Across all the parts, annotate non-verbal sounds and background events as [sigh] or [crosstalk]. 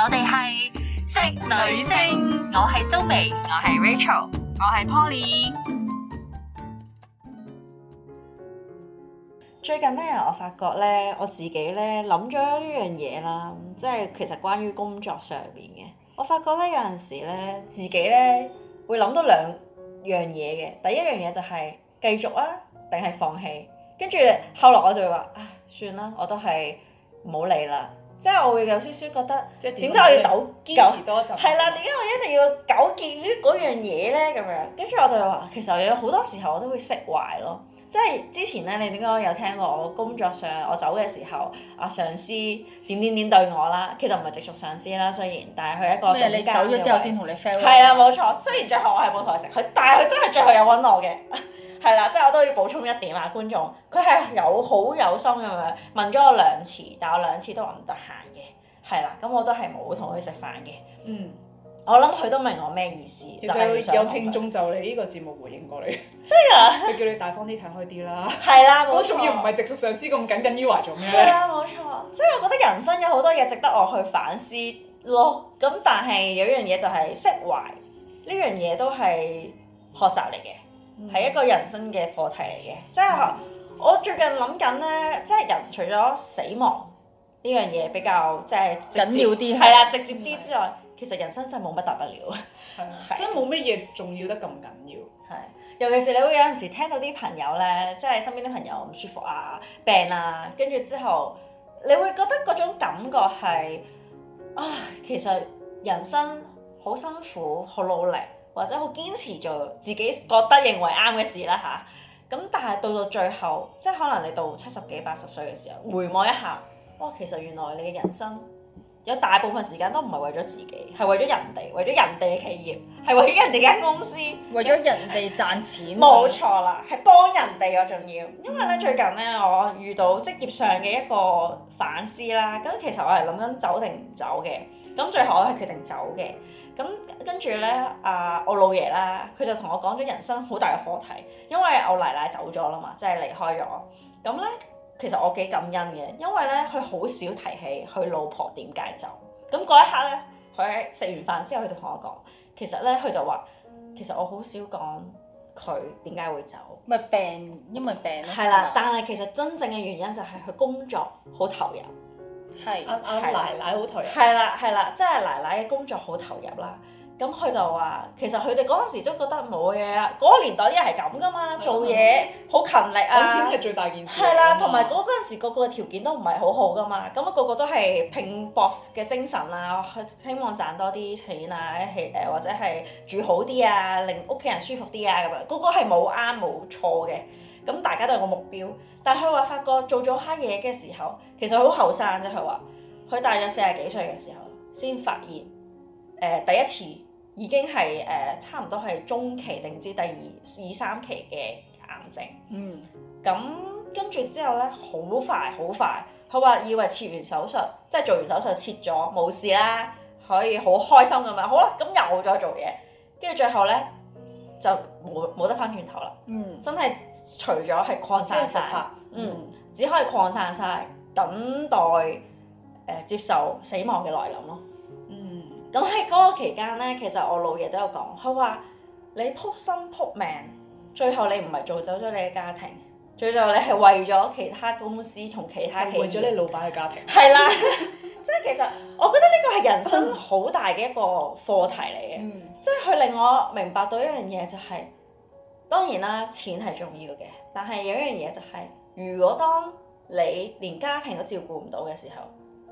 我哋係職女聲，我係蘇眉，我係 Rachel，我係 Poly。最近咧，我發覺咧，我自己咧諗咗一樣嘢啦，即係其實關於工作上面嘅。我發覺咧，有陣時咧，自己咧會諗到兩樣嘢嘅。第一樣嘢就係繼續啊，定係放棄？跟住後嚟我就會話，唉，算啦，我都係唔好理啦。即係我會有少少覺得，點解是我要糾堅持多陣？係啦了，點解我一定要糾結於嗰樣嘢咧？咁樣，跟住我就話，其實有好多時候我都會釋懷咯。即係之前咧，你應該有聽過我工作上我走嘅時候，啊上司點點點對我啦。其實唔係直屬上司啦，雖然，但係佢一個咩麼你走咗之後先同你 friend。係啦，冇錯。雖然最後我係冇同佢食，佢但係佢真係最後有揾我嘅。 [laughs] 係啦，即係我都要補充一點啊，觀眾，佢係有好有心咁樣問咗我兩次，但我兩次都話唔得閒嘅，係啦，咁我都係冇同佢食飯嘅。嗯，我諗佢都明我咩意思。其實就有聽眾就你呢、呢個節目回應過你，真係佢叫你大方啲、睇開啲啦。係啦 [laughs] 的，我仲要唔係直屬上司咁耿耿於懷做咩咧？係啊，冇錯。即係我覺得人生有好多嘢值得我去反思咯。咁但係有一樣嘢就係釋懷呢樣嘢都係學習嚟嘅。係一個人生嘅課題嚟嘅，即係，嗯，我最近諗緊呢，即係人除咗死亡呢樣嘢比較即係緊要啲，係啦，直接啲之外，其實人生真係冇乜大不了，係啊，真係冇乜嘢重要得咁緊要。係，尤其是你會有陣時聽到啲朋友呢，即係身邊啲朋友唔舒服啊、病啊，跟住之後你會覺得嗰種感覺係啊，其實人生好辛苦、好努力。或者好堅持做自己覺得認為啱嘅事啦吓，咁、啊、但係到到最後，即係可能你到七十幾八十歲嘅時候回望一下，哇！其實原來你嘅人生有大部分時間都唔係為咗自己，係為咗人哋，為咗人哋嘅企業，係為咗人哋間公司，為咗人哋賺錢。冇錯啦，係幫人哋，我仲要。因為咧最近咧，我遇到職業上嘅一個反思啦，咁、嗯、其實我係諗緊走定唔走嘅，咁最後我係決定走嘅。咁跟住咧，阿我老爺啦，佢就同我講咗人生好大嘅課題，因為我奶奶走咗啦嘛，即係離開咗。咁咧，其實我幾感恩嘅，因為咧佢好少提起佢老婆點解走。咁嗰一刻咧，佢食完飯之後，佢就同我講，其實咧佢就話，其實我好少講佢點解會走。咪病，因為病咯。係啦嗎，但係其實真正嘅原因就係佢工作好投入。係阿阿奶奶好投入，係啦係啦，即係奶奶嘅工作好投入啦。咁佢就話：其實佢哋嗰陣時都覺得冇嘢啊，嗰、那個、年代啲人係咁噶嘛，做嘢好勤力啊，揾錢係最大件事啊。係啦，同埋嗰嗰陣時個個條件都唔係好好噶嘛，咁、那、啊個個都係拼搏嘅精神啊，希望賺多啲錢啊，一係誒或者係住好啲啊，令屋企人舒服啲啊咁樣，嗰、那個係冇啱冇錯嘅。咁大家都有個目標，但係佢話發覺做咗黑嘢嘅時候，其實好後生啫。佢話佢大約四十幾歲嘅時候先發現，誒、呃、第一次已經係誒、呃、差唔多係中期定唔知第二二三期嘅癌症。嗯。咁跟住之後咧，好快好快，佢話以為切完手術，即係做完手術切咗冇事啦，可以好開心咁樣，好啦，咁又再做嘢，跟住最後咧就冇冇得返轉頭啦。嗯。真係。除咗係擴散晒，嗯，只可以擴散晒，等待誒、呃、接受死亡嘅來臨咯。嗯，咁喺嗰個期間咧，其實我老爺都有講，佢話你撲心撲命，最後你唔係做走咗你嘅家庭，最後你係為咗其他公司同其他企業，為咗你老闆嘅家庭，係啦。即係其實，我覺得呢個係人生好大嘅一個課題嚟嘅。嗯，即係佢令我明白到一樣嘢就係、是。當然啦，錢係重要嘅，但係有一樣嘢就係，如果當你連家庭都照顧唔到嘅時候，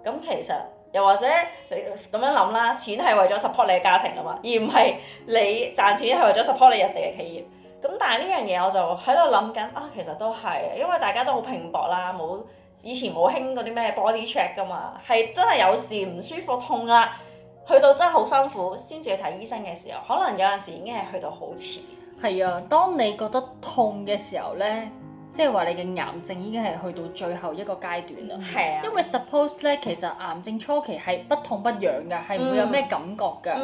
咁其實又或者你咁樣諗啦，錢係為咗 support 你嘅家庭啊嘛，而唔係你賺錢係為咗 support 你人哋嘅企業。咁但係呢樣嘢我就喺度諗緊啊，其實都係，因為大家都好拼搏啦，冇以前冇興嗰啲咩 body check 噶嘛，係真係有時唔舒服痛啊，去到真係好辛苦先至去睇醫生嘅時候，可能有陣時已經係去到好遲。係啊，當你覺得痛嘅時候咧。即係話你嘅癌症已經係去到最後一個階段啦，因為 suppose 咧其實癌症初期係不痛不癢嘅，係唔會有咩感覺嘅。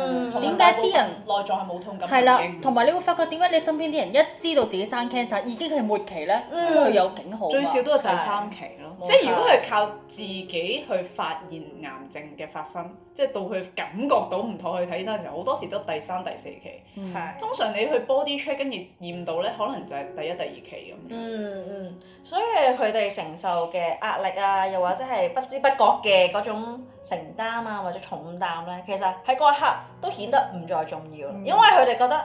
點解啲人內臟係冇痛感？係啦，同埋你會發覺點解你身邊啲人一知道自己生 cancer 已經係末期咧，佢有警號。最少都係第三期咯。即係如果係靠自己去發現癌症嘅發生，即係到佢感覺到唔妥去睇醫生嘅時候，好多時都第三、第四期。通常你去 body check 跟住驗到咧，可能就係第一、第二期咁。嗯，所以佢哋承受嘅壓力啊，又或者係不知不覺嘅嗰種承擔啊，或者重擔咧，其實喺嗰一刻都顯得唔再重要，嗯、因為佢哋覺得，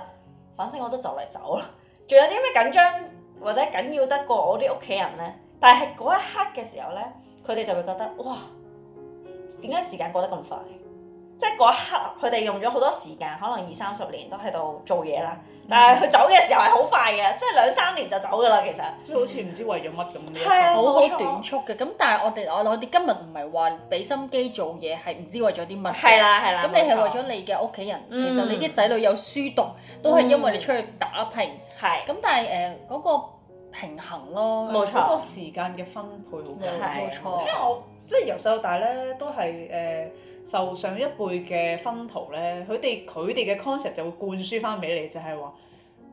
反正我都就嚟走啦，仲有啲咩緊張或者緊要得過我啲屋企人咧？但係嗰一刻嘅時候咧，佢哋就會覺得，哇，點解時間過得咁快？即係嗰一刻，佢哋用咗好多時間，可能二三十年都喺度做嘢啦。但係佢走嘅時候係好快嘅，即係兩三年就走噶啦。其實即係好似唔知為咗乜咁，好好短促嘅。咁但係我哋我我哋今日唔係話俾心機做嘢，係唔知為咗啲乜嘅。係啦係啦。咁你係為咗你嘅屋企人。其實你啲仔女有書讀，都係因為你出去打拼。係。咁但係誒嗰個平衡咯，冇錯個時間嘅分配冇錯。因為我即係由細到大咧，都係誒，受上一輩嘅熏陶咧，佢哋佢哋嘅 concept 就會灌輸翻俾你，就係話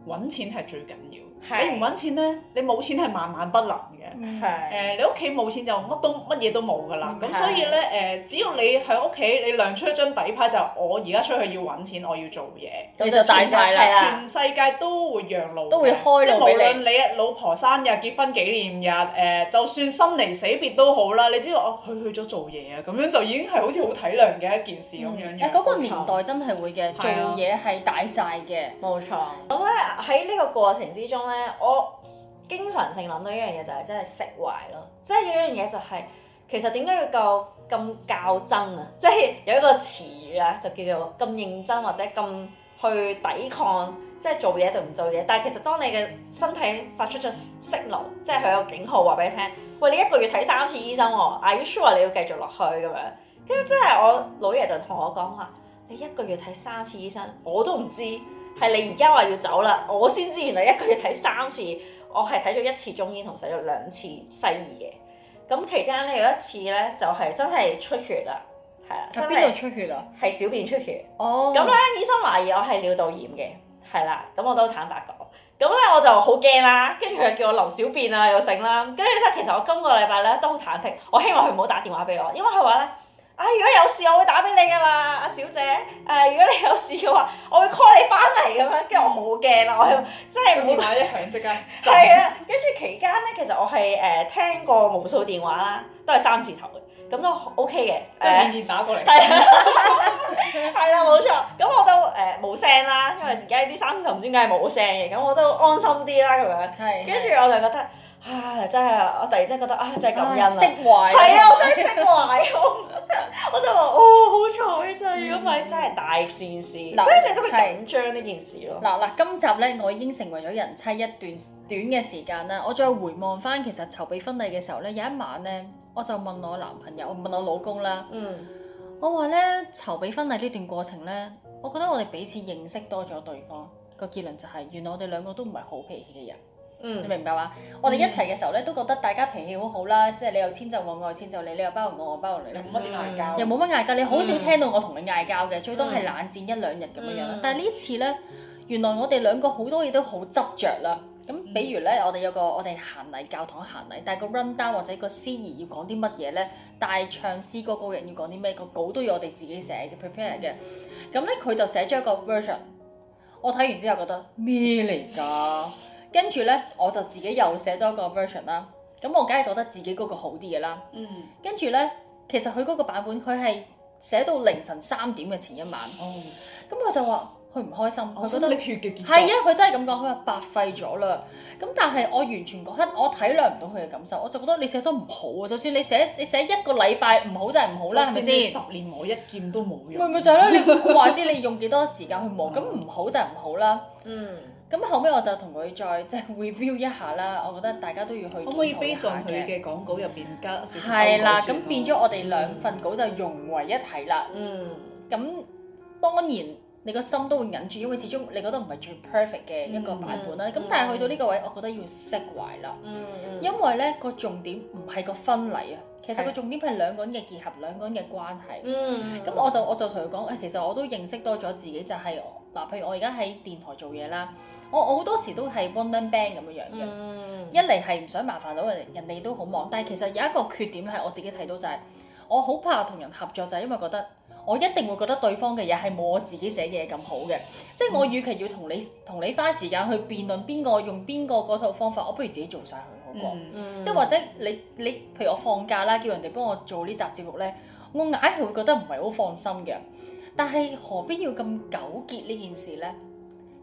揾錢係最緊要。是你唔揾錢咧，你冇錢係萬萬不能嘅。誒，你屋企冇錢就乜都乜嘢都冇噶啦，咁是的 所以咧誒、呃，只要你喺屋企你亮出一張底牌，就是、我而家出去要揾錢，我要做嘢，咁就大曬啦！全，的全世界都會讓路，都會開路俾你。無論你老婆生日、結婚紀念日，誒、呃，就算生離死別都好啦，你知道我佢去咗做嘢啊，咁樣就已經係好似好體諒嘅一件事咁、嗯、樣嘅。誒、啊，嗰、那個年代真係會嘅，沒錯 做嘢係大晒嘅，冇沒錯呢。咁咧喺呢個過程之中咧，我。經常性諗到一樣嘢就係真係釋懷咯，即、就、係、是、有一樣嘢就係、是、其實點解要夠咁較真啊？即、就、係、是、有一個詞語咧、啊、就叫做咁認真或者咁去抵抗，即、就、係、是、做嘢同唔做嘢。但係其實當你嘅身體發出咗訊號，即係佢有警號話俾你聽，喂，你一個月睇三次醫生喎、啊，Are you sure? 你要繼續落去咁樣。跟住真係我老爺就同我講話，你一個月睇三次醫生，我都唔知係你而家話要走啦，我先知原來一個月睇三次。我係睇咗一次中醫同洗咗兩次西醫嘅，咁期間咧有一次咧就係真係出血啦，係啊，邊度出血啊？係小便出血。哦。咁咧醫生懷疑我係尿道炎嘅，係啦，咁我都坦白講，咁咧我就好驚啦，跟住佢又叫我留小便啊又醒啦，跟住真係其實我今個禮拜咧都好忐忑，我希望佢唔好打電話俾我，因為佢話咧，啊、哎、如果有事我會打俾你噶啦，阿小姐，誒、哎、如果你有事嘅話。我驚啊！買即係每晚一響，即刻係啊！跟住期間咧，其實我係誒聽過無數電話啦，都係三字頭嘅，咁都 OK 嘅誒，年年打過嚟係啊，係啦冇錯。咁我都誒冇聲啦，因為而家啲三字頭唔知點解係冇聲嘅，咁我都安心啲啦咁樣。係，跟住我就覺得。啊！真係我突然真係覺得唉啊，真係感恩啊！係啊，我真係釋懷啊！ [laughs] [laughs] 我就話哦，好彩、嗯、真係，如果唔係真係大件事。流即係你都唔緊張呢件事咯。嗱嗱，今集咧，我已經成為咗人妻一段短嘅時間啦。我再回望翻其實籌備婚禮嘅時候咧，有一晚咧，我就問我男朋友，我問我老公啦。嗯流。我話咧，籌備婚禮呢段過程咧，我覺得我哋彼此認識多咗對方。個結論就係，原來我哋兩個都唔係好脾氣嘅人。你明白嘛？我哋一齊嘅時候咧，都覺得大家脾氣好好啦，即係你又遷就我，我遷就你，你又包容我，我包容你咧，又冇乜嗌交，又冇乜嗌交，你好少聽到我同你嗌交嘅，最多係冷戰一兩日咁樣啦。但係呢次咧，原來我哋兩個好多嘢都好執着啦。咁比如咧，我哋有個我哋行禮教堂行禮，但係個 rundown 或者個司儀要講啲乜嘢咧，大唱詩歌嗰個人要講啲咩，個稿都要我哋自己寫嘅 prepare 嘅。咁咧佢就寫咗一個 version，我睇完之後覺得咩嚟㗎？跟住咧，我就自己又寫多個 version 啦。咁我梗係覺得自己嗰個好啲嘅啦。嗯。跟住咧，其實佢嗰個版本，佢係寫到凌晨三點嘅前一晚。哦、嗯。咁我就話佢唔開心，佢覺得血係啊，佢真係咁講，佢話白費咗啦。咁、嗯、但係我完全覺得我體諒唔到佢嘅感受，我就覺得你寫得唔好啊！就算你寫你寫，你寫一個禮拜唔好就係唔好啦、啊，係咪先？十年磨一劍都冇用。咪咪就係咯、 [laughs] 就是，你話知你用幾多時間去磨？咁唔、嗯、好就係唔好啦、啊。嗯。咁後尾我就同佢再即係 review 一下啦，我覺得大家都要去。可唔可以 based on 佢嘅講稿入邊加少少？係啦，咁變咗我哋兩份稿就融為一體啦。嗯。咁當然你個心都會忍住，因為始終你覺得唔係最 perfect 嘅一個版本啦。咁、嗯、但係去到呢個位，我覺得要釋懷啦。嗯、因為咧個重點唔係個婚禮啊，其實個重點係兩個人嘅結合，嗯、兩個人嘅關係。咁、嗯、我就我就同佢講誒，其實我都認識多咗自己，就係、是、嗱，譬如我而家喺電台做嘢啦。我我好多時都係 one man band 咁樣樣嘅，mm. 一嚟係唔想麻煩到人，人哋都好忙。但係其實有一個缺點咧，係我自己睇到就係、是、我好怕同人合作，就係因為覺得我一定會覺得對方嘅嘢係冇我自己寫嘅嘢咁好嘅。即係我與其要同你同、mm. 你花時間去辯論邊個用邊個嗰套方法，我不如自己做晒佢好過。Mm. 即係或者你你譬如我放假啦，叫人哋幫我做集呢集節目咧，我硬係會覺得唔係好放心嘅。但係何必要咁糾結呢件事咧？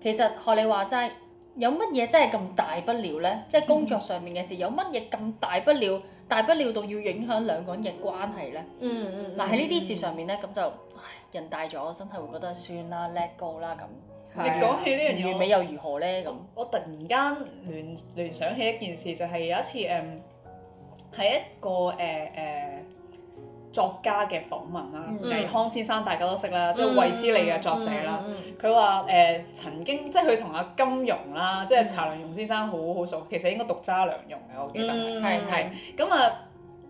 其實學你話齋，有乜嘢真係咁大不了呢？即係工作上面嘅事，有乜嘢咁大不了？大不了到要影響兩個人嘅關係呢？嗯嗯。嗱喺呢啲事上面呢，咁就唉，人大咗，我真係會覺得算啦，let go 啦咁。你講起呢樣嘢，完美又如何呢？咁我，我突然間聯聯想起一件事，就係有一次誒，喺，um, 一個誒誒。Uh, uh, 作家嘅訪問啦，倪、mm hmm. 匡先生大家都識啦，即係、mm hmm. 衛斯理嘅作者啦。佢話誒曾經即係佢同阿金庸啦，即係查良庸先生好好熟，其實應該讀渣良庸嘅，我記得係係咁啊，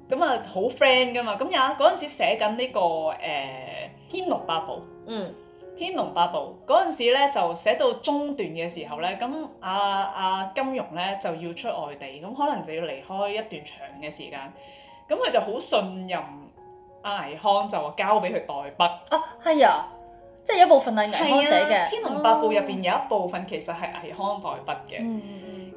咁啊好 friend 噶嘛。咁有嗰陣時寫緊呢、這個誒、呃《天龍八部》mm。嗯，《天龍八部》嗰陣時咧就寫到中段嘅時候咧，咁阿阿金庸咧就要出外地，咁可能就要離開一段長嘅時間，咁佢就好信任。阿倪匡就話交俾佢代筆啊，係啊，即係有一部分係倪匡寫嘅《天龍八部》入邊有一部分其實係倪匡代筆嘅。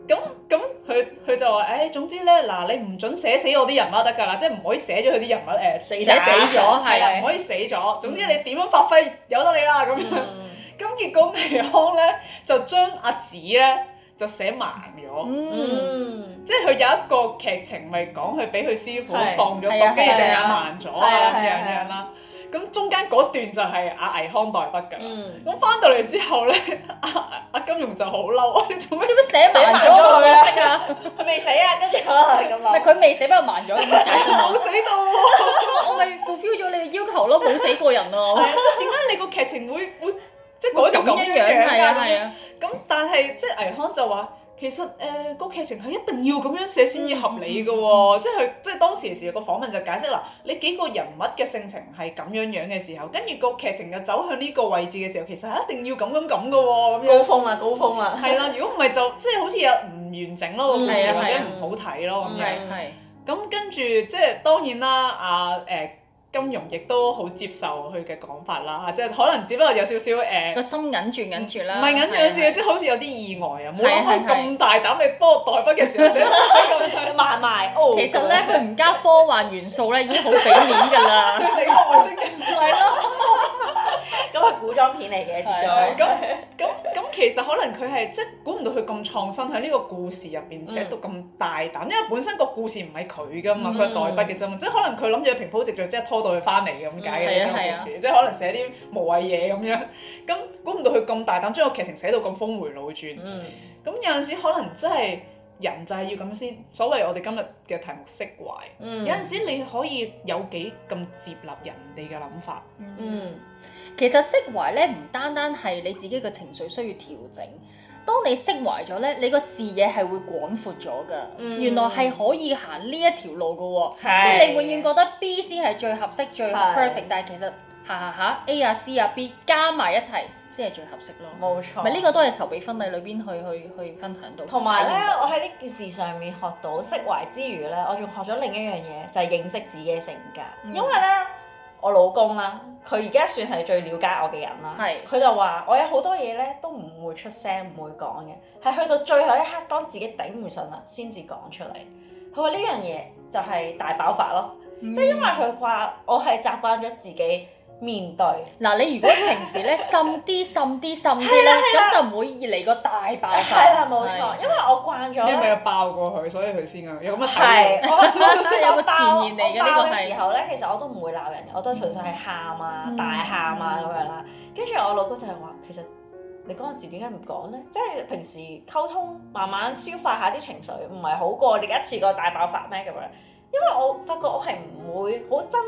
咁咁佢佢就話：誒，總之咧，嗱，你唔準寫死我啲人物得㗎啦，即係唔可以寫咗佢啲人物誒死死咗，係啦，唔可以死咗。總之你點樣發揮由得你啦咁樣。咁結果倪匡咧就將阿紫咧就寫埋咗。即係佢有一個劇情，咪講佢俾佢師傅放咗毒，跟住隻眼盲咗啊咁樣樣啦。咁中間嗰段就係阿倪匡代筆㗎。咁翻到嚟之後咧，阿阿金庸就好嬲，你做咩做咩寫盲咗佢啊？佢未死啊，跟住佢咁啊。但係佢未死，不過盲咗。冇死到喎！我咪 fulfil 咗你要求咯，冇死過人啊。點解你個劇情會會即係嗰啲咁樣嘅？係啊係啊。咁但係即係倪匡就話，其實誒、呃，那個劇情係一定要咁樣寫先至合理嘅喎、哦嗯，即係即係當時嘅時候，個訪問就解釋嗱，你幾個人物嘅性情係咁樣樣嘅時候，跟住個劇情就走向呢個位置嘅時候，其實係一定要咁咁咁嘅喎。高峰、嗯、啊，高峰啊！係啦、啊，如果唔係就即係好似有唔完整咯故事，或者唔好睇咯咁樣。係。咁跟住即係當然啦，阿、啊、誒。呃金融亦都好接受佢嘅講法啦，即係可能只、呃、索索不過是是 有少少誒個心揾住、緊住啦，唔係緊住、緊住，即係好似有啲意外啊！冇諗佢咁大膽，你幫我代筆嘅時候寫咁嘅萬萬哦！ [laughs] 其實咧呢，佢唔 [laughs] 加科幻元素咧，已經好俾面㗎啦， [laughs] 外星人係咯，咁係 [laughs] 古裝片嚟嘅，存在咁咁。的的其實可能佢係即係估唔到佢咁創新，喺呢個故事入邊寫到咁大膽，嗯、因為本身個故事唔係佢噶嘛，佢係、嗯、代筆嘅啫嘛，即係可能佢諗住平鋪直敍，即係拖到佢翻嚟咁解嘅呢個故事，嗯啊啊、即係可能寫啲無謂嘢咁樣。咁估唔到佢咁大膽將個劇情寫到咁峰迴路轉。咁、嗯、有陣時可能真係人就係要咁先，所謂我哋今日嘅題目釋懷。嗯、有陣時你可以有幾咁接納人哋嘅諗法。嗯。嗯。其實釋懷咧，唔單單係你自己嘅情緒需要調整，當你釋懷咗咧，你個視野係會廣闊咗噶。嗯、原來係可以行呢一條路噶，的即係你永遠覺得 BC 係最合適、最 perfect，的但係其實行行下 A 啊、C 啊、B 加埋一齊先係最合適咯。冇錯，咪呢、呢個都係籌備婚禮裏邊去去去，去分享到。同埋咧，我喺呢件事上面學到釋懷之餘咧，我仲學咗另一樣嘢，就係、是、認識自己嘅性格，因為咧。我老公啦，佢而家算係最了解我嘅人啦。佢係就話：我有好多嘢咧，都唔會出聲，唔會講嘅，係去到最後一刻，當自己頂唔順啦，先至講出嚟。佢話呢樣嘢就係大爆發咯，嗯、即係因為佢話我係習慣咗自己。面對嗱， [laughs] 你如果平時咧 [laughs] 滲啲滲啲 [laughs] 滲啲咧，咁就唔會嚟個大爆發。係啦，冇錯，因為我慣咗。因你有，有爆過佢，所以佢先有咁嘅體會。係、 [laughs] [laughs] 哦，我我我爆我爆嘅 [laughs] 時候咧，其實我都唔會鬧人， [laughs] 我都純粹係喊啊、大喊啊咁 [laughs] [laughs] 樣啦。跟住我老公就係話：其實你嗰陣時點解唔講咧？即係平時溝通，慢慢消化下啲情緒，唔係好過你一次個大爆發咩？咁樣，因為我發覺我係唔會好真。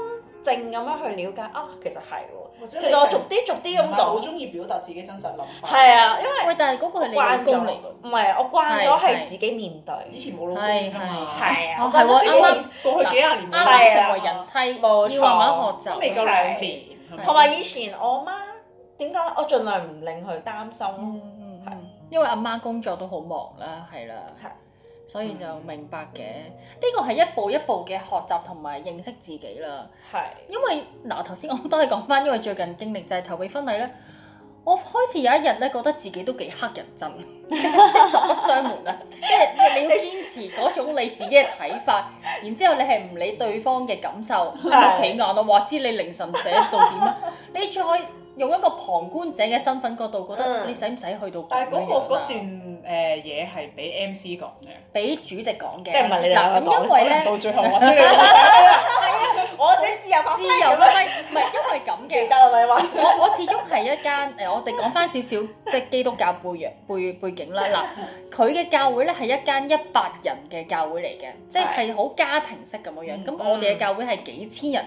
靜咁樣去了解啊，其實係喎，其實我逐啲逐啲咁講，好中意表達自己真實諗法。係啊，因為喂，但係嗰個係你老公嚟嘅。唔係我慣咗係自己面對。以前冇老公㗎嘛，係啊。我係我啱啱過去幾廿年，啱啱成為人妻，要慢慢學習，未夠兩年。同埋以前我阿媽點講？我盡量唔令佢擔心，因為阿媽工作都好忙啦，係啦。所以就明白嘅，呢個係一步一步嘅學習同埋認識自己啦。係是，因為嗱頭先我都係講翻，因為最近經歷就係籌備婚禮咧。我開始有一日咧，覺得自己都幾黑人憎，即係實 [laughs] 不相瞞啊！ [laughs] 即係你要堅持嗰種你自己嘅睇法，然之後你係唔理對方嘅感受，都企硬咯，話知你凌晨寫到點啊，你再。用一個旁觀者嘅身份角度，覺得你使唔使去到講？但係嗰個嗰段誒嘢係俾 MC 講嘅，俾主席講嘅。即係唔係你嗱，咁因為咧，到最後我啊！我哋自由自由咪咪咪，因為咁嘅。記得啦，咪話我我始終係一間誒，我哋講翻少少，即係基督教背樣背背景啦。嗱，佢嘅教會咧係一間一百人嘅教會嚟嘅，即係係好家庭式咁嘅樣。咁我哋嘅教會係幾千人。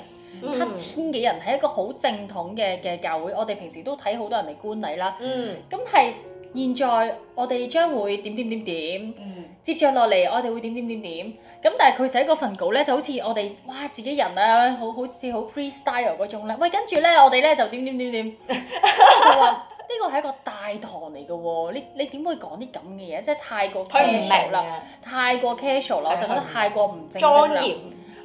七千幾人係一個好正統嘅嘅教會，我哋平時都睇好多人嚟觀禮啦。咁係、嗯、現在我哋將會點點點點，嗯、接著落嚟我哋會點點點點。咁但係佢寫嗰份稿咧，就好似我哋哇自己人啊，好好似好 free style 嗰種咧。喂，跟住咧我哋咧就點點點點，跟住就話呢個係一個大堂嚟嘅喎。你你點會講啲咁嘅嘢？即係太過 casual 啦，太過 casual 啦的，我就覺得太過唔莊嚴。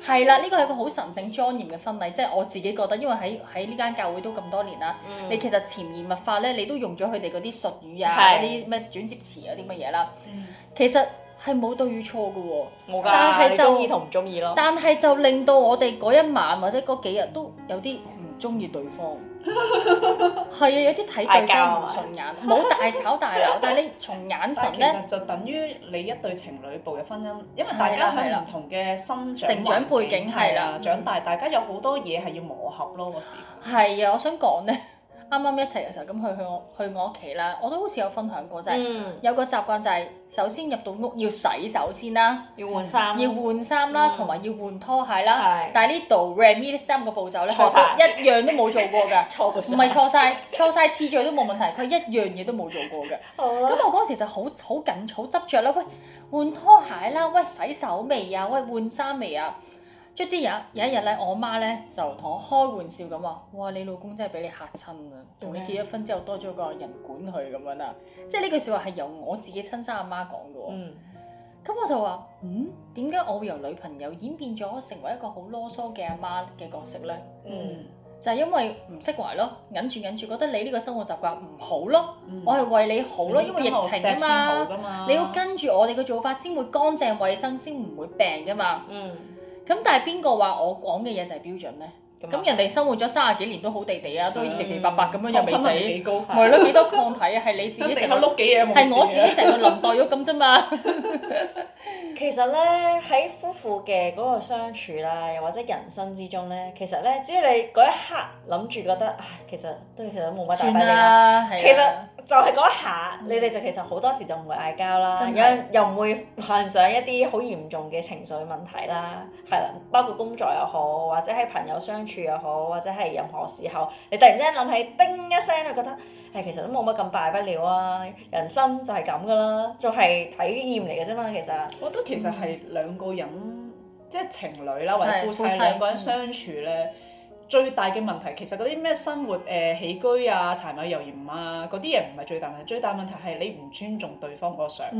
係啦，呢個係一個好神聖莊嚴嘅婚禮，即我自己覺得，因為喺喺呢間教會都咁多年啦，嗯、你其實潛移默化咧，你都用咗佢哋嗰啲術語啊，嗰啲咩轉接詞啊嗰啲乜嘢啦，嗯、其實。係冇對與錯嘅喎，但係就意同唔中意咯但係就令到我哋嗰一晚或者嗰幾日都有啲唔中意對方。係啊，有啲睇對方唔順眼，冇大吵大鬧，但係你從眼神咧，就等於你一對情侶步入婚姻，因為大家喺唔同嘅身上成長背景係啦，長大大家有好多嘢係要磨合咯個時。係啊，我想講咧。啱啱一齊嘅時候，咁佢去我去我屋企啦，我都好似有分享過、就係，就係、嗯、有個習慣就係首先入到屋要洗手先啦，要換衫，嗯、要換衫啦，同埋要換拖鞋啦。嗯、但係呢度 Remy 三個步驟咧，學到歎一樣都冇做過㗎，唔係錯晒，錯晒次序都冇問題，佢一樣嘢都冇做過㗎。咁吧我嗰陣時就好好緊好執着啦，喂換拖鞋啦，喂洗手未啊，喂換衫未啊？即係有有一日咧，我媽咧就同我開玩笑咁話：哇！你老公真係俾你嚇親啊，同你結咗婚之後，多咗個人管佢咁樣啦。即係呢句説話係由我自己親生阿媽講嘅喎。嗯。咁我就話：嗯，點解我會由女朋友演變咗成為一個好囉嗦嘅阿媽嘅角色咧？嗯。就係因為唔釋懷咯，忍住忍住，覺得你呢個生活習慣唔好咯，嗯、我係為你好咯，嗯、因為疫情嘛，嘛你要跟住我哋嘅做法先會乾淨衞生，先唔會病嘅嘛，嗯。嗯。咁但係邊個話我講嘅嘢就係標準咧？咁、嗯、人哋生活咗三十幾年都好地地啊，都奇奇白白咁樣又未死，咪咯幾多，多抗體啊？係 [laughs] 你自己成個碌幾嘢係我自己成個林黛玉咁啫嘛。 [laughs] [laughs] 其實咧喺夫婦嘅嗰個相處啦，又或者人生之中咧，其實咧只要你嗰一刻諗住覺得，唉，其實都其實都冇乜大不了。其實。其實就係嗰下，嗯、你哋就其實好多時就唔會嗌交啦，又又唔會患上一啲好嚴重嘅情緒問題啦。係啦，包括工作又好，或者喺朋友相處又好，或者係任何時候，你突然之間諗起，叮一聲，就覺得誒、欸、其實都冇乜咁大不了啊！人生就係咁噶啦，就係、是、體驗嚟嘅啫嘛，其實。我覺得其實係兩個人，嗯、即係情侶啦，或者夫妻、夫妻、嗯、兩個人相處咧。最大嘅問題其實嗰啲咩生活誒、呃、起居啊，柴米油鹽啊嗰啲嘢唔係最大問題，最大問題係你唔尊重對方個想法。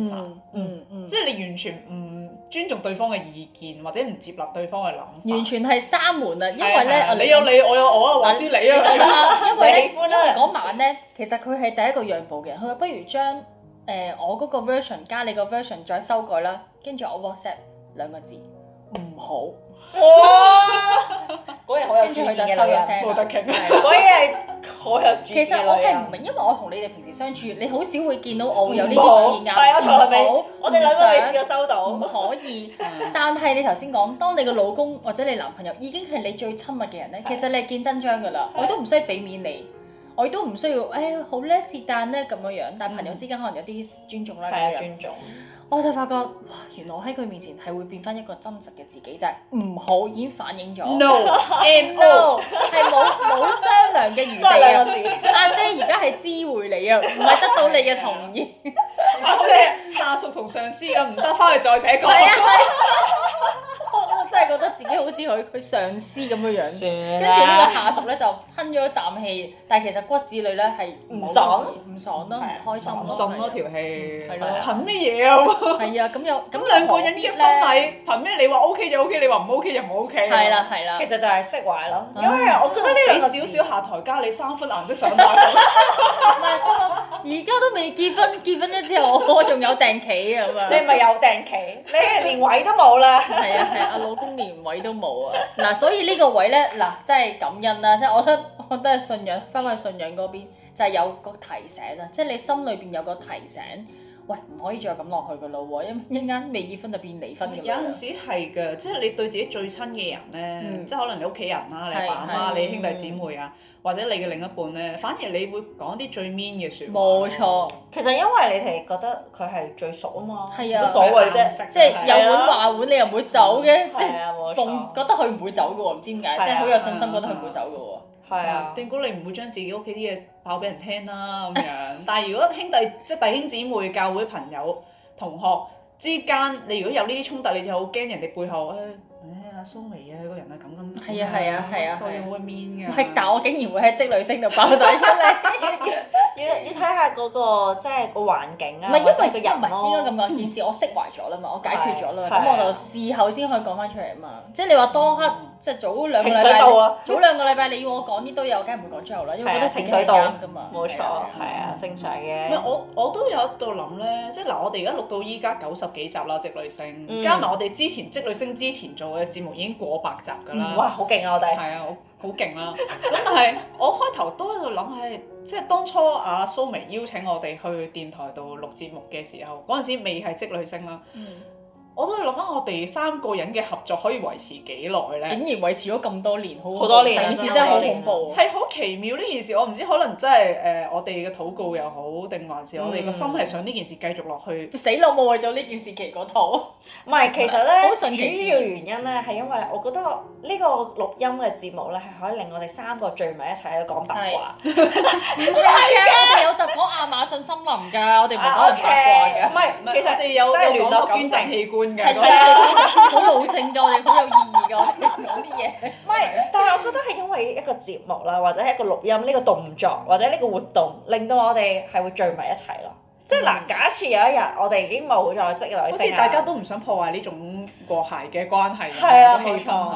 嗯，嗯，嗯即係你完全唔尊重對方嘅意見，或者唔接納對方嘅諗法，完全係閂門啊。因為咧，你有你，我有我，但我知你啊。你啊 [laughs] 因為咧，嗰、 [laughs] 啊、晚咧，其實佢係第一個讓步嘅，佢話不如將誒、呃、我嗰個 version 加你個 version 再修改啦，跟住我 WhatsApp 兩個字。唔好哇！跟住佢就收咗聲，冇得傾啊！嗰人係好有其實我係唔明，因為我同你哋平時相處，你好少會見到我會有呢啲字眼。冇，我哋兩個未試過收到。唔可以，但係你頭先講，當你嘅老公或者你男朋友已經係你最親密嘅人咧，其實你係見真章㗎啦。我都唔需要俾面你，我都唔需要誒好咧，是但咧咁樣樣。但朋友之間可能有啲尊重啦，係啊，尊重。我就發覺，哇！原來我喺佢面前係會變翻一個真實嘅自己就係，唔好已經反映咗。No and no，係冇冇商量嘅餘地啊！ [laughs] [laughs] 阿姐而家係知會你啊，唔係得到你嘅同意。阿姐，下屬同上司啊，唔得，翻去再寫過。真係覺得自己好似佢佢上司咁嘅樣，跟住呢個下屬咧就吞咗一啖氣，但係其實骨子裏咧係唔爽唔爽咯，唔開心，唔順咯條氣，憑咩嘢啊？係啊，咁有咁兩個人嘅婚禮，憑咩？你話 OK 就 OK，你話唔 OK 就唔 OK。係啦，係啦。其實就係釋懷咯。因為我覺得呢兩少少下台，加你三分顏色上台。唔係心諗，而家都未結婚，結婚咗之後我仲有訂棋咁啊！你係咪有訂棋，你係連位都冇啦。係啊，係啊，老。連位都冇啊！嗱， [laughs] 所以呢個位咧，嗱，真係感恩啦、啊，即係我覺得，我都係信仰，翻返去信仰嗰邊就係、是、有個提醒啊，即係你心裏邊有個提醒。喂，唔可以再咁落去噶咯喎，因為一陣間未結婚就變離婚噶啦！有陣時係嘅，即係你對自己最親嘅人咧，即係可能你屋企人啦，你爸媽、你兄弟姊妹啊，或者你嘅另一半咧，反而你會講啲最 mean 嘅説話。冇錯，其實因為你哋覺得佢係最熟啊嘛，係啊，冇所謂啫，即係有碗話碗，你又唔會走嘅，即係奉覺得佢唔會走噶喎，唔知點解，即係好有信心覺得佢唔會走噶喎。係啊，斷估你唔會將自己屋企啲嘢。爆俾人聽啦咁樣，但係如果兄弟即係弟兄姊妹、教會朋友、同學之間，你如果有呢啲衝突，你就好驚人哋背後誒誒阿蘇眉啊個人啊咁咁。係啊係啊係啊。衰好鬼 mean 㗎。係，但我竟然會喺積累聲度爆晒出嚟。要要睇下嗰個即係個環境啊。唔係因為個人，唔係應該咁講，件事我釋懷咗啦嘛，我解決咗啦，咁我就事後先可以講翻出嚟啊嘛。即係你話當刻。即係早兩個禮拜，早兩個禮拜你要我講呢堆嘢，我梗係唔會講最後啦，因為我覺得嘛情水到啊嘛，冇錯，係啊、嗯，正常嘅。唔係、嗯、我，我都有喺度諗咧，即係嗱，我哋而家錄到依家九十幾集啦，職女聲，加埋我哋之前職女聲之前做嘅節目已經過百集噶啦、嗯。哇，好勁啊！我哋係啊，好勁啦。咁但係我開頭都喺度諗，誒，即係當初阿蘇眉邀請我哋去電台度錄節目嘅時候，嗰陣時未係職女聲啦。嗯。我都係諗翻我哋三個人嘅合作可以維持幾耐咧？竟然維持咗咁多年，好多年，件事真係好恐怖。係好奇妙呢件事，我唔知可能真係誒我哋嘅禱告又好，定還是我哋個心係想呢件事繼續落去。死佬冇為咗呢件事祈過禱。唔係，其實咧，主要原因咧係因為我覺得呢個錄音嘅節目咧係可以令我哋三個聚埋一齊喺度講白話。唔係啊，我哋有集講亞馬遜森林㗎，我哋唔係講唔係，其實我哋有用講個捐贈器官。係好冇正㗎，我哋好有意義㗎，講啲嘢。唔係， [laughs] 但係我覺得係因為一個節目啦，或者係一個錄音呢、呢個動作，或者呢個活動，令到我哋係會聚埋一齊咯。 [laughs] 即係嗱，假設有一日我哋已經冇再積累。好似大家都唔想破壞呢種和諧嘅關係。係啊 [laughs] 的，冇錯。錯，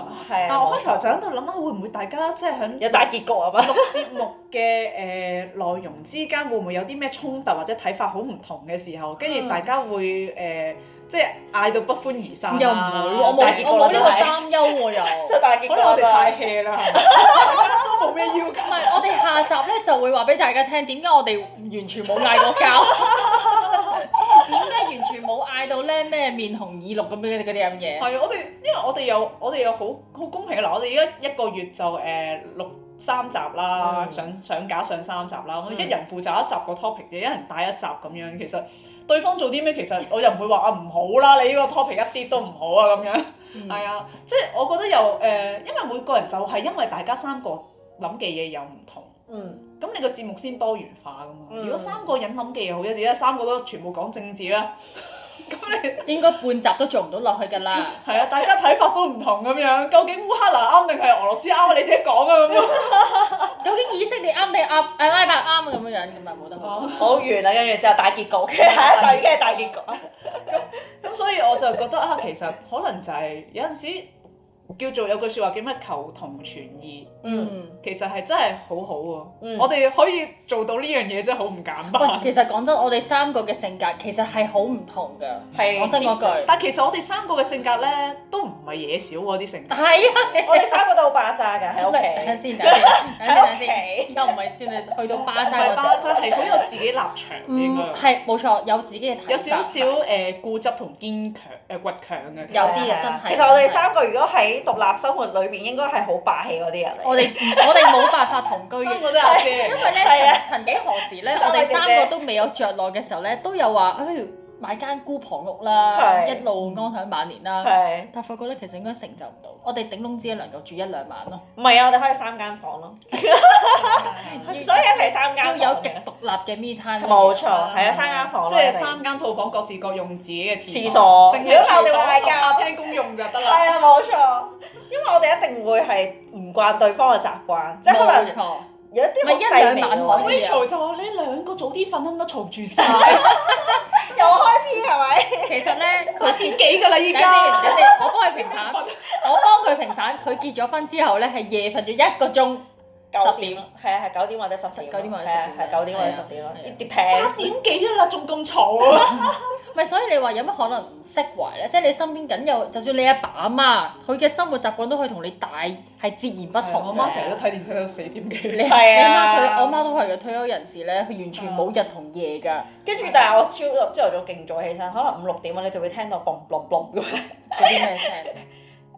但我開頭就喺度諗下，會唔會大家即係響錄節目嘅誒、呃、內容之間，會唔會有啲咩衝突或者睇法好唔同嘅時候，跟住 [laughs] 大家會誒？呃 [laughs] 即係嗌到不歡而散、啊、又唔會、啊，我冇我冇呢個擔憂喎、啊。又即係大結局啦！可能我哋太 hea 啦，都冇咩要求。唔係，我哋下集咧就會話俾大家聽，點解我哋完全冇嗌過交？點解 [laughs] 完全冇嗌到咧咩面紅耳綠咁嗰啲啲咁嘢？係啊，我哋因為我哋有我哋有好好公平嘅我哋而家一個月就誒、呃、六。三集啦，上上架上三集啦，我、嗯、一人負責一集個 topic 嘅，一人帶一集咁樣。其實對方做啲咩，其實我又唔會話 [laughs] 啊唔好啦，你呢個 topic 一啲都唔好啊咁樣。係、嗯、 [laughs] 啊，嗯、即係我覺得又誒、呃，因為每個人就係因為大家三個諗嘅嘢又唔同，嗯，咁你個節目先多元化㗎嘛。嗯、如果三個人諗嘅嘢好一致，三個都全部講政治啦。 [laughs] 你 [noise] 應該半集都做唔到落去㗎啦。係 [laughs] 啊，大家睇法都唔同咁樣，究竟烏克蘭啱定係俄羅斯啱？你自己講啊咁啊。 [laughs] 究竟以色列啱定阿阿拉伯啱啊咁樣樣咁啊，冇得講。好、 [laughs] 哦、完啦，跟住之後大結局嘅係啊，大結係大結局。咁咁 [laughs] [laughs] 所以我就覺得啊，其實可能就係有陣時叫做有句説話叫咩？求同存異。嗯，其實係真係好好喎，我哋可以做到呢樣嘢真係好唔簡單。其實講真，我哋三個嘅性格其實係好唔同嘅。係講真嗰句。但其實我哋三個嘅性格咧，都唔係嘢少嗰啲性格。係啊！我哋三個都好霸炸㗎喺屋企。睇下先，睇下先。又唔係算係去到霸炸嗰陣。霸炸係好有自己立場。嗯，係冇錯，有自己嘅睇法。有少少誒固執同堅強誒倔強嘅。有啲人真係。其實我哋三個如果喺獨立生活裏邊，應該係好霸氣嗰啲人嚟。 [laughs] 我哋冇辦法同居， [laughs] 因為咧，曾 [laughs] 幾何時咧， [laughs] 我哋三個都未有着落嘅時候咧，都有話，唉。買間姑婆屋啦，一路安享晚年啦。但發覺呢其實應該成就唔到，我哋頂籠只能夠住一兩晚咯。唔係啊，我哋可以三間房咯，所以一齊三間要有極獨立嘅 me time。冇錯，係啊，三間房即係三間套房，各自各用自己嘅廁所，剩餘嗰下我哋大家聽公用就得啦。係啊，冇錯，因為我哋一定會係唔慣對方嘅習慣，即係可能。有一啲咪一兩晚可以嘈，就話你兩個早啲瞓得唔得，嘈住晒。又開 P，係咪？其實咧，佢點幾㗎喇依家？我幫佢平反，我幫佢平反。佢結咗婚之後咧，係夜瞓咗一個鐘，九十點。係啊，係九點或者十十。九點或者十點。係九點或者十點咯。八點幾㗎喇，仲咁嘈啊！咪所以你話有乜可能唔釋懷咧？即係你身邊僅有，就算你阿爸阿媽，佢嘅生活習慣都可以同你大係截然不同。我媽成日都睇電視睇到四點幾。你你媽，佢，我媽都係嘅，退休人士咧，佢完全冇日同夜㗎。跟住 [music] 但係我朝早朝頭早勁早起身，可能五六點你就會聽到嘣嘣嘣咁樣。 [laughs]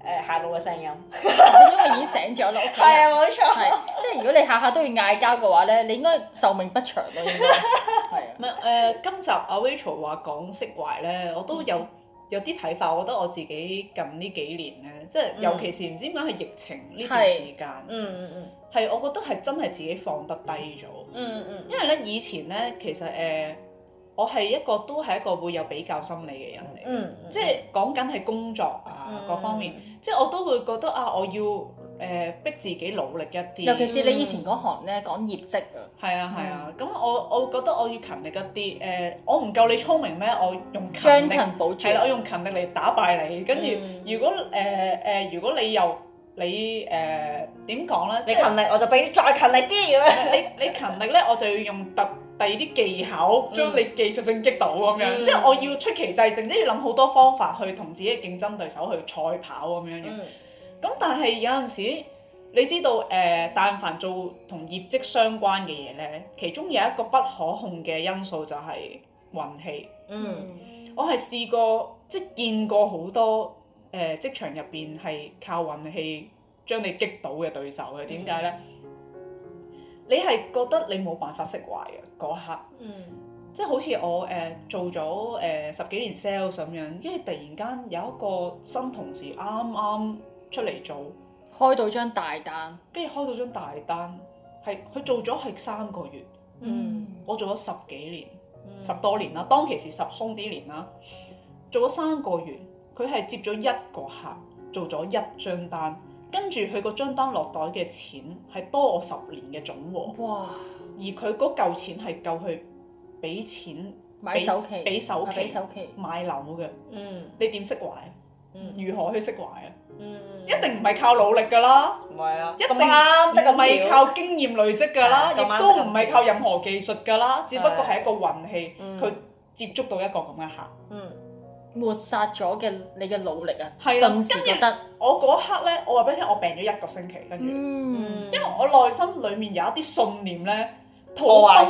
誒下路嘅聲音，因為已經醒咗啦，屋企。係啊，冇錯。係，即係如果你下下都要嗌交嘅話咧，你應該壽命不長咯，應該。係啊。唔係誒，今集阿 Rachel 話講釋懷咧，我都有有啲睇法。我覺得我自己近呢幾年咧，即係尤其是唔知點解係疫情呢段時間，嗯嗯嗯，係我覺得係真係自己放得低咗。嗯嗯。因為咧，以前咧，其實誒，我係一個都係一個會有比較心理嘅人嚟，即係講緊係工作啊各方面。即係我都會覺得啊，我要誒、呃、逼自己努力一啲。尤其是你以前嗰行咧，講業績、嗯、啊。係啊係啊，咁我我會覺得我要勤力一啲。誒、呃，我唔夠你聰明咩？我用勤力。將勤補拙。係啦，我用勤力嚟打敗你。跟住，嗯、如果誒誒、呃，如果你又你誒點講咧？你勤、呃、力，我就比你再勤力啲咁樣。你你勤力咧，我就要用特。第二啲技巧，將、嗯、你技術性擊倒咁、嗯、樣，即係我要出奇制勝，即係、嗯、要諗好多方法去同自己嘅競爭對手去賽跑咁樣嘅。咁、嗯、但係有陣時，你知道誒、呃，但凡做同業績相關嘅嘢呢，其中有一個不可控嘅因素就係運氣。嗯，我係試過即係見過好多誒職、呃、場入邊係靠運氣將你擊倒嘅對手嘅，點解呢？嗯你係覺得你冇辦法釋懷嘅嗰刻，嗯、即係好似我誒、呃、做咗誒、呃、十幾年 sales 咁樣，跟住突然間有一個新同事啱啱出嚟做，開到張大單，跟住開到張大單，係佢做咗係三個月，嗯、我做咗十幾年、嗯、十多年啦，當其時十鬆啲年啦，做咗三個月，佢係接咗一個客，做咗一張單。跟住佢個張單落袋嘅錢係多我十年嘅總和，哇！而佢嗰嚿錢係夠佢俾錢俾首期，俾首期，俾首期買樓嘅。嗯，你點釋懷？嗯，如何去釋懷啊？嗯，一定唔係靠努力噶啦，唔係啊，一定唔係靠經驗累積噶啦，亦都唔係靠任何技術噶啦，只不過係一個運氣，佢接觸到一個咁嘅客。嗯。抹殺咗嘅你嘅努力啊，係啊，嗰陣時覺得我嗰刻呢，我話俾你聽，我病咗一個星期，跟住，嗯、因為我內心裡面有一啲信念呢，土崩瓦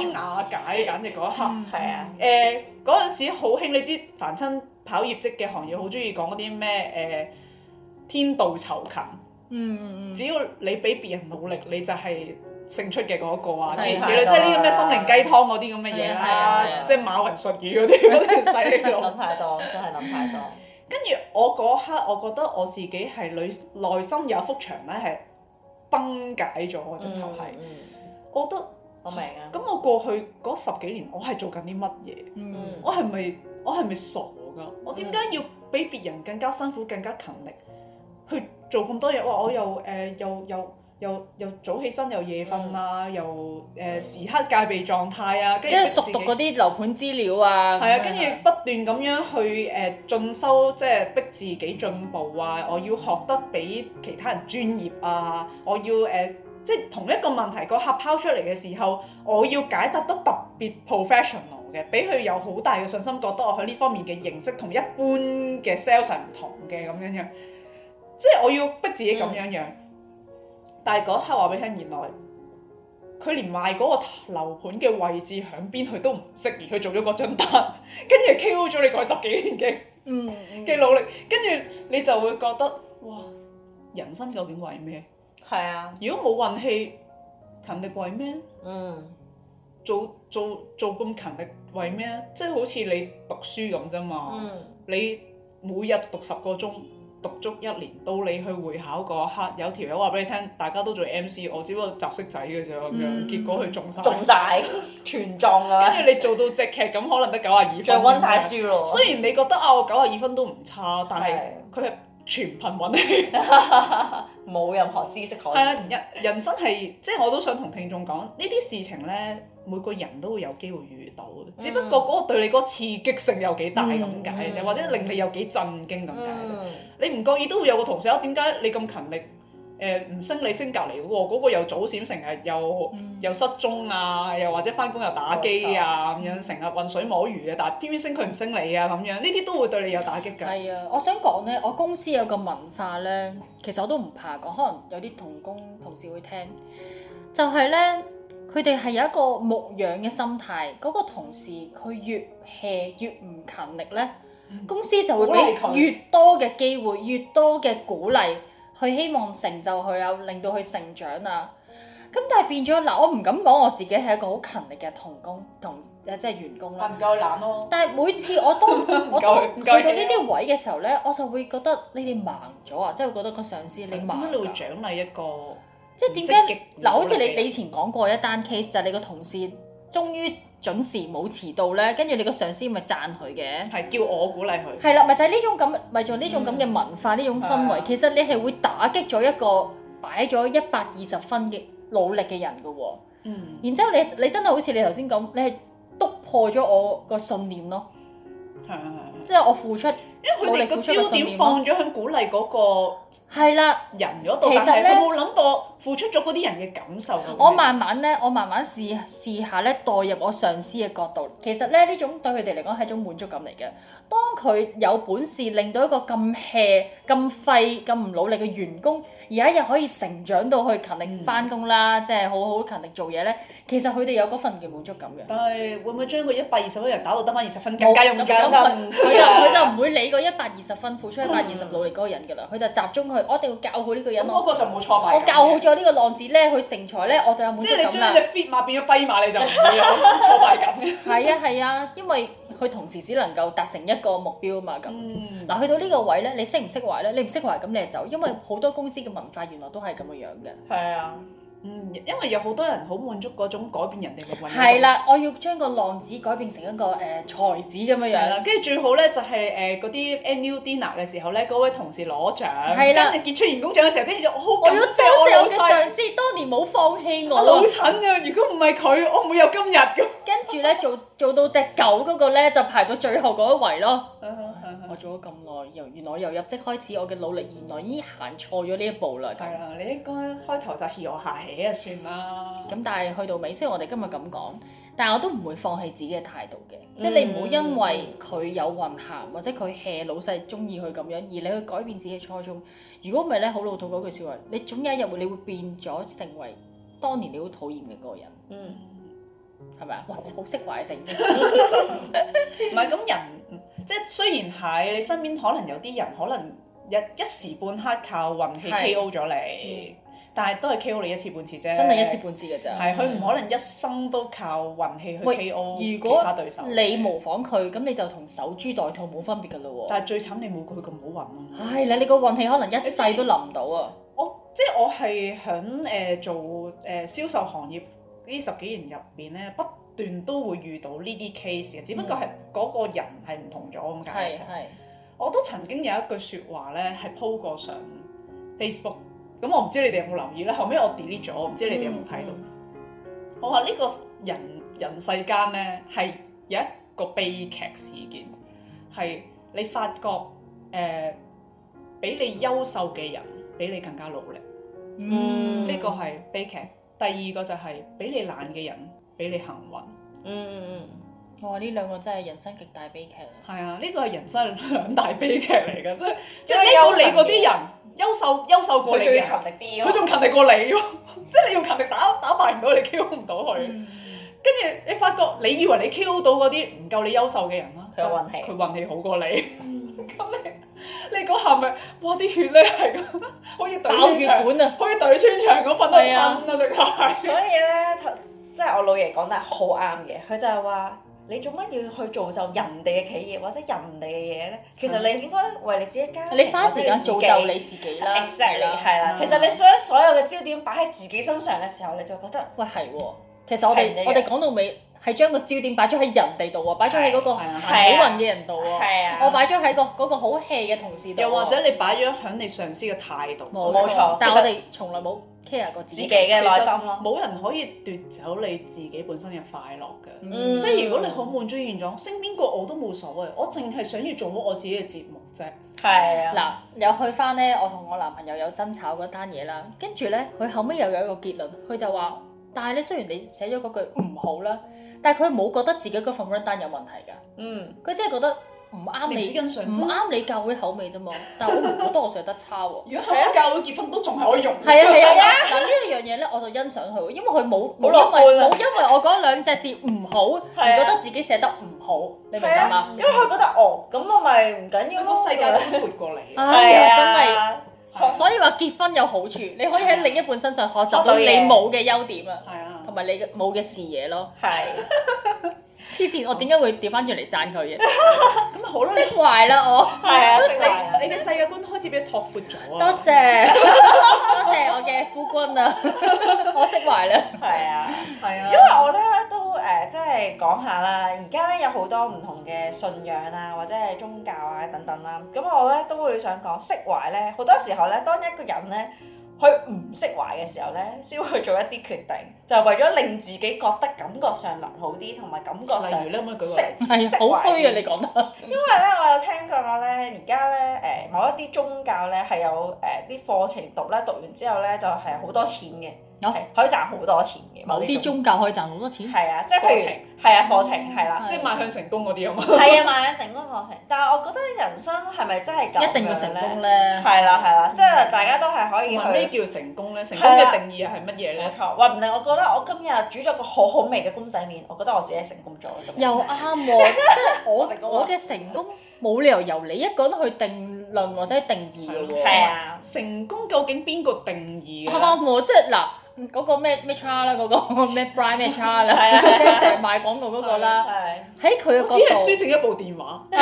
解，簡直嗰一刻。係啊、嗯，誒嗰陣時好興，你知凡親跑業績嘅行業好中意講嗰啲咩誒？天道酬勤，嗯嗯、只要你比別人努力，你就係、是。勝出嘅嗰個啊，其次咧，即係呢啲咩心靈雞湯嗰啲咁嘅嘢啊，即係馬雲術語嗰啲嗰啲犀利喎。諗、啊、太多，真係諗太多。跟住我嗰刻，我覺得我自己係女，內心有一幅牆咧係崩解咗，我直頭係。嗯、我覺得我明啊。咁、啊、我過去嗰十幾年，我係做緊啲乜嘢？我係咪、嗯、我係咪傻噶？我點解要比別人更加辛苦、更加勤力去做咁多嘢？我我又誒又又。又又早起身又夜瞓啊，嗯、又誒、呃、時刻戒備狀態啊，跟住、嗯、熟讀嗰啲樓盤資料啊，係啊，跟住不斷咁樣去誒進修，即係逼自己進步啊！我要學得比其他人專業啊！我要誒、呃，即係同一個問題、個客拋出嚟嘅時候，我要解答得特別 professional 嘅，俾佢有好大嘅信心，覺得我喺呢方面嘅認識同一般嘅 sales 唔同嘅咁樣樣，即係我要逼自己咁樣樣。嗯但係嗰刻話俾你聽，原來佢連賣嗰個樓盤嘅位置喺邊，佢都唔識，而佢做咗嗰張單，跟住 KO 咗你個十幾年嘅、嗯，嗯，嘅努力，跟住你就會覺得哇，人生究竟為咩？係啊，如果冇運氣，勤力為咩？嗯，做做做咁勤力為咩？即係好似你讀書咁啫嘛，嗯、你每日讀十個鐘。讀足一年，到你去會考嗰刻，有條友話俾你聽，大家都做 MC，我只不過雜色仔嘅啫咁樣。嗯、結果佢中曬，中曬，全中嘅。跟住 [laughs] 你做到隻劇咁，可能得九十二分。就温晒書咯。雖然你覺得啊，我九十二分都唔差，但係佢係全憑運，冇任何知識可能。係啦、 [laughs] 啊。人生係，即、就、係、是、我都想同聽眾講呢啲事情咧。每個人都會有機會遇到，只不過嗰個對你嗰個刺激性有幾大咁解啫，嗯嗯、或者令你有幾震驚咁解啫。嗯、你唔覺意都會有個同事，話點解你咁勤力？誒、呃，唔升你升隔離嗰嗰個又早閃成日，又、嗯、又失蹤啊，又或者翻工又打機、嗯、啊咁樣成日混水摸魚啊，但偏偏升佢唔升你啊咁樣，呢啲都會對你有打擊㗎。係啊，我想講咧，我公司有個文化咧，其實我都唔怕講，可能有啲同工同事會聽，就係、是、咧。佢哋係有一個牧養嘅心態，嗰、那個同事佢越 hea 越唔勤力呢、嗯、公司就會俾越多嘅機會、越多嘅鼓勵，佢希望成就佢啊，令到佢成長啊。咁但係變咗嗱、呃，我唔敢講我自己係一個好勤力嘅同工同，同即係員工啦，唔夠懶咯。但係每次我都我都去到呢啲位嘅時候呢，我就會覺得你哋盲咗啊！即、就、係、是、覺得個上司你點解你會獎勵一個？即係點解嗱？好似你你以前講過一單 case 啊，就係、你個同事終於準時冇遲到咧，跟住你個上司咪讚佢嘅，係叫我鼓勵佢，係啦，咪就係、係、呢種咁，咪就係、係、呢種咁嘅文化，呢、嗯、種氛圍。的其實你係會打擊咗一個擺咗一百二十分嘅努力嘅人嘅喎。嗯。然之後你你真係好似你頭先講，你係突破咗我個信念咯。係啊係啊。即係我付出，因為佢哋個焦點放咗喺鼓勵嗰個係啦人嗰度，其實你，冇諗到。付出咗嗰啲人嘅感受，我慢慢咧，我慢慢試試下咧，代入我上司嘅角度。其實咧，呢種對佢哋嚟講係種滿足感嚟嘅。當佢有本事令到一個咁 hea、咁廢、咁唔努力嘅員工，而一日可以成長到去勤力翻工啦，嗯、即係好好勤力做嘢咧。其實佢哋有嗰份嘅滿足感嘅。但係會唔會將個一百二十個人打到得翻二十分？冇家用緊啦，佢 [laughs] 就佢就唔會理個一百二十分付出一百二十努力嗰個人㗎啦。佢 [laughs] 就集中佢，我一定要教好呢個人。嗰個就冇錯埋。我教好咗。 [laughs] 呢個浪子咧，佢成才咧，我就有滿足感啦。即係你，你 fit 馬變咗跛馬，你就唔會有挫敗感。係 [laughs] 啊係啊，因為佢同時只能夠達成一個目標啊嘛咁。嗱、嗯，去到呢個位咧，你適唔適懷釋唔釋懷咧？你唔釋懷咁，你就走，因為好多公司嘅文化原來都係咁嘅樣嘅。係啊。嗯，因為有好多人好滿足嗰種改變人哋嘅運氣。係啦，我要將個浪子改變成一個誒、呃、才子咁嘅樣啦，跟住最好咧就係誒嗰啲 annual dinner 嘅時候咧，嗰位同事攞獎，跟住傑出員工獎嘅時候，跟住就好感謝我我謝，謝我老細。我上司當年冇放棄我，啊。好蠢㗎，如果唔係佢，我冇有今日咁。 [laughs] 跟住咧，做做到隻狗嗰個咧，就排到最後嗰一圍咯。 [laughs] 我做咗咁耐，由原來由入職開始，我嘅努力原來已經行錯咗呢一步啦。係啊、嗯，那你應該開頭就我下起啊，算啦。咁但係去到尾，雖然我哋今日咁講，但係我都唔會放棄自己嘅態度嘅。嗯、即係你唔好因為佢有運行，或者佢 hea 老細中意佢咁樣，而你去改變自己嘅初衷。如果唔係咧，好老土嗰句説話說，你總有一日會你會變咗成，成為當年你好討厭嘅嗰個人。嗯，係咪啊？嘩好釋懷定？唔係咁人。即係雖然係你身邊可能有啲人，可能一一時半刻靠運氣 KO 咗你，嗯、但係都係 KO 你一次半次啫，真係一次半次㗎咋？係佢唔可能一生都靠運氣去 KO 如果其他對手。你模仿佢，咁是你就同守株待兔冇分別㗎咯喎。但係最慘你冇佢咁好運、啊。咯。唉，你你個運氣可能一世都臨唔到啊！即我即係我係響誒做誒、呃、銷售行業呢十幾年入邊咧不。段都會遇到呢啲 case，只不過係嗰、嗯、個人係唔同咗咁解啫。我都曾經有一句說話咧，係鋪過上 Facebook，咁我唔知你哋有冇留意咧。後尾我 delete 咗，我唔知你哋有冇睇到。嗯、我話呢個人人世間咧係有一個悲劇事件，係你發覺誒、呃、比你優秀嘅人比你更加努力，呢、嗯、個係悲劇。第二個就係比你懶嘅人，俾你行運，嗯嗯嗯，哇！呢兩個真係人生極大悲劇。係啊，呢、這個係人生兩大悲劇嚟㗎，即係即係你有你嗰啲人優秀優秀過你佢仲勤力啲、哦，佢仲勤力過你喎、啊。即係你用勤力打打敗唔到你，Q 唔到佢。跟住、嗯、你發覺，你以為你 Q 到嗰啲唔夠你優秀嘅人啦、啊，佢運氣，佢運氣好過你。咁 [laughs] 你你嗰下咪哇！啲血咧係咁， [laughs] 好似兌爆血管啊，好似兌穿場咁，瞓都瞓啊，直頭、 [laughs] 啊。 [laughs] 所以咧，頭。即係我老爺講得好啱嘅，佢就係話：你做乜要去造就人哋嘅企業或者人哋嘅嘢咧？其實你應該為你自己家，你花時間造就你自己啦。Exactly，係啦，係啦。其實你將所有嘅焦點擺喺自己身上嘅時候，你就覺得喂，係喎。其實我哋我哋講到尾。係將個焦點擺咗喺人哋度喎，擺咗喺嗰個好運嘅人度喎，我、啊啊啊啊、擺咗喺個嗰個好 hea 嘅同事度又或者你擺咗喺你上司嘅態度。冇錯，錯但係我哋從來冇 care 過自己嘅內心咯。冇人可以奪走你自己本身嘅快樂㗎。嗯、即係如果你好滿足現狀，升邊個我都冇所謂，我淨係想要做好我自己嘅節目啫。係啊。嗱，又去翻咧，我同我男朋友有爭吵嗰單嘢啦。跟住咧，佢後尾又有一個結論，佢就話：但係你雖然你寫咗嗰句唔好啦。但係佢冇覺得自己嗰份婚單有問題㗎，佢只係覺得唔啱你，唔啱你教會口味啫嘛。但係我唔覺得我寫得差喎。如果係教會結婚都仲係可以用㗎。係啊係啊，嗱呢一樣嘢咧，我就欣賞佢喎，因為佢冇冇因為冇因為我講兩隻字唔好而覺得自己寫得唔好，你明白嘛？因為佢覺得哦，咁我咪唔緊要咯，世界恢復過嚟。係啊，真係，所以話結婚有好處，你可以喺另一半身上學習到你冇嘅優點啊。唔係你嘅冇嘅視野咯，係黐線！我點解會掉翻轉嚟讚佢嘅？咁咪 [laughs] 好咯， [laughs] 釋懷啦我，係啊，釋懷啊！你嘅世界觀開始俾佢拓闊咗啊！多謝多謝我嘅夫君啊！ [laughs] 我釋懷啦，係啊係啊！因為我咧都誒、呃，即係講下啦，而家咧有好多唔同嘅信仰啊，或者係宗教啊等等啦、啊。咁我咧都會想講釋懷咧，好多時候咧，當一個人咧。佢唔釋懷嘅時候咧，先去做一啲決定，就係、是、為咗令自己覺得感覺上能好啲，同埋感覺上釋懷啊，你講得！因為咧，我有聽過咧，而家咧誒某一啲宗教咧係有誒啲課程讀咧，讀完之後咧就係好多錢嘅。可以賺好多錢嘅。某啲宗教可以賺好多錢。係啊，即係譬如，係啊課程，係啦，即係邁向成功嗰啲啊嘛。係啊，邁向成功課程，但係我覺得人生係咪真係咁一定要成功咧？係啦係啦，即係大家都係可以。咩叫成功咧？成功嘅定義係乜嘢咧？話唔定我覺得我今日煮咗個好好味嘅公仔麵，我覺得我自己成功咗。又啱喎，即係我我嘅成功冇理由由你一個人去定論或者定義嘅喎。係啊，成功究竟邊個定義？我即係嗱，嗰個咩咩 Charles 嗰個咩 Brian 咩 Charles，即係成日賣廣告嗰個啦。喺佢嘅角度，只係輸剩一部電話。即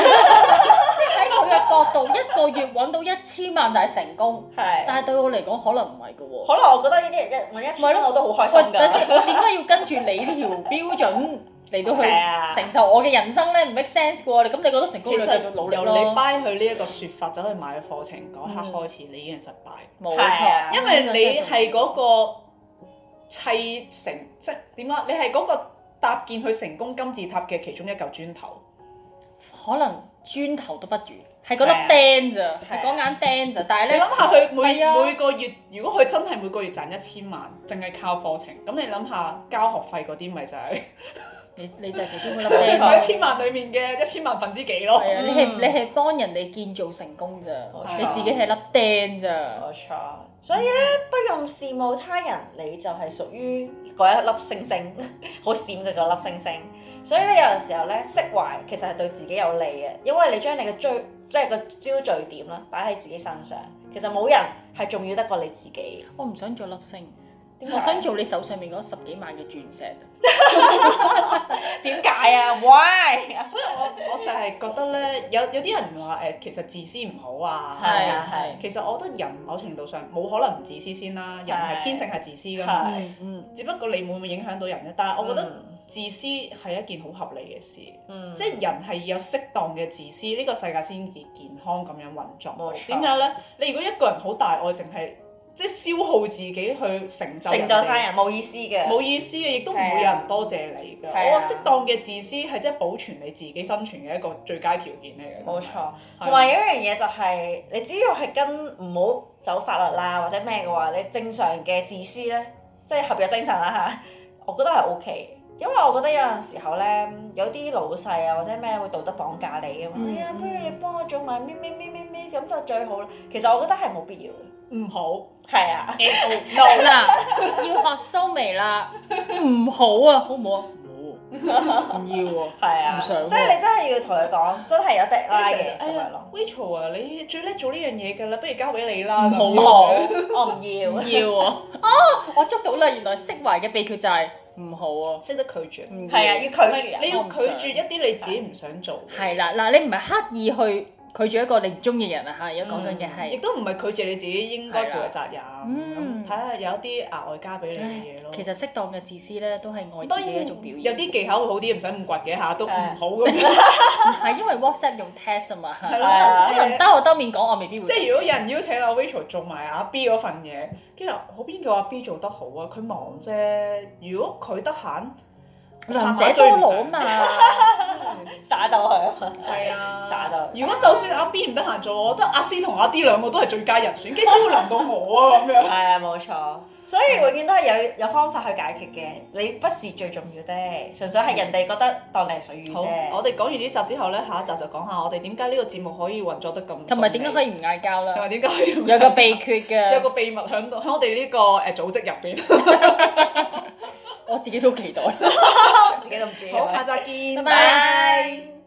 係喺佢嘅角度，一個月揾到一千萬就係成功。係，但係對我嚟講可能唔係嘅喎。可能我覺得呢啲人一揾一千蚊我都好開心㗎。喂，但係我點解要跟住你呢條標準嚟到去成就我嘅人生咧？唔 make sense 嘅喎。你咁你覺得成功要繼續努力咯。由你 buy 佢呢一個説法走去買課程，嗰刻開始你已經係失敗。冇錯，因為你係嗰個。砌成即點啊？你係嗰個搭建佢成功金字塔嘅其中一嚿磚頭，可能磚頭都不如，係嗰粒釘咋，係嗰眼釘咋。啊、但係你諗下佢每、啊、每個月，如果佢真係每個月賺一千萬，淨係靠課程，咁你諗下交學費嗰啲、就係，咪就係你你就係其中一粒釘， [laughs] 一千萬裏面嘅一千萬分之幾咯。係啊，你係你係幫人哋建造成功咋，冇錯，你自己係粒釘咋。冇錯。所以咧，不用羨慕他人，你就係屬於嗰一粒星星，好 [laughs] 閃嘅嗰粒星星。所以咧，有陣時候咧，釋懷其實係對自己有利嘅，因為你將你嘅追，即係個焦聚點啦，擺喺自己身上。其實冇人係重要得過你自己。我唔想做粒星。我想做你手上面嗰十幾萬嘅鑽石，點解啊？Why？所以我我就係覺得咧，有有啲人話誒，其實自私唔好啊。係啊係。其實我覺得人某程度上冇可能唔自私先啦，係。人係天性係自私㗎嘛，只不過你會唔會影響到人咧？但係我覺得自私係一件好合理嘅事。即係、嗯、人係要有適當嘅自私，呢個世界先至健康咁樣運作。冇錯。點解咧？你如果一個人好大愛淨係。即係消耗自己去成就他人，冇意思嘅，冇意思嘅，亦都唔會有人多謝你嘅。的我話適當嘅自私係即係保全你自己生存嘅一個最佳條件嚟嘅。冇的錯，同埋的有一樣嘢就係、是，你只要係跟唔好走法律啦或者咩嘅話，你正常嘅自私咧，即係合約精神啦、啊、嚇，我覺得係 OK。因為我覺得有陣時候咧，有啲老細啊或者咩會道德綁架你咁，哎呀不如你幫我做埋咩咩咩咩咩，咁就最好啦。其實我覺得係冇必要嘅。唔好，係啊。No 啦，要學收尾啦。唔好啊，好唔好啊？唔要啊。係啊。唔想。即係你真係要同佢講，真係有得拉嘅。哎呀 Rachel 啊，你最叻做呢樣嘢㗎啦，不如交俾你啦。好好。我唔要。要啊。哦，我捉到啦！原來釋懷嘅秘訣就係。唔好啊！識得拒絕，係唔會啊，要拒絕，因為你要拒絕一啲你自己唔想做嘅嘢。係啦，啊，嗱，你唔係刻意去拒絕一個你唔中意嘅人啊，嚇，而家講緊嘅係。亦都唔係拒絕你自己應該負嘅責任。睇下的、嗯、有啲額外加俾你嘅嘢咯。其實適當嘅自私咧，都係愛自己一種表現。有啲技巧會好啲，唔使咁倔嘅嚇，下都唔好咁。係的 [laughs] [laughs] 因為 WhatsApp 用 text 啊嘛，可能可能兜口兜面講，我未必會的。即係的如果有人邀請阿 Rachel 做埋阿 B 嗰份嘢，跟住好邊叫阿 B 做得好啊？佢忙啫，如果佢得閒。能者多勞啊嘛，耍 [laughs] 到佢。啊， [laughs] 耍 [laughs] 到他。 [laughs] 如果就算阿 B 唔得閒做，我覺得阿 C 同阿 D 兩個都係最佳人選，幾時會輪到我啊？咁 [laughs] 樣、 [laughs] 哎。係啊，冇錯。所以永遠都係有有方法去解決嘅，你不是最重要的，純粹係人哋覺得當你係水魚啫。好，我哋講完呢集之後咧，下一集就講下我哋點解呢個節目可以運作得咁。同埋點解可以唔嗌交啦？同埋點解可以有個秘訣嘅、啊？有個秘密喺度，喺我哋呢個誒組織入邊。 [laughs] 我自己都期待， [laughs] [laughs] 自己都唔知。好，好，下集見，拜拜 bye。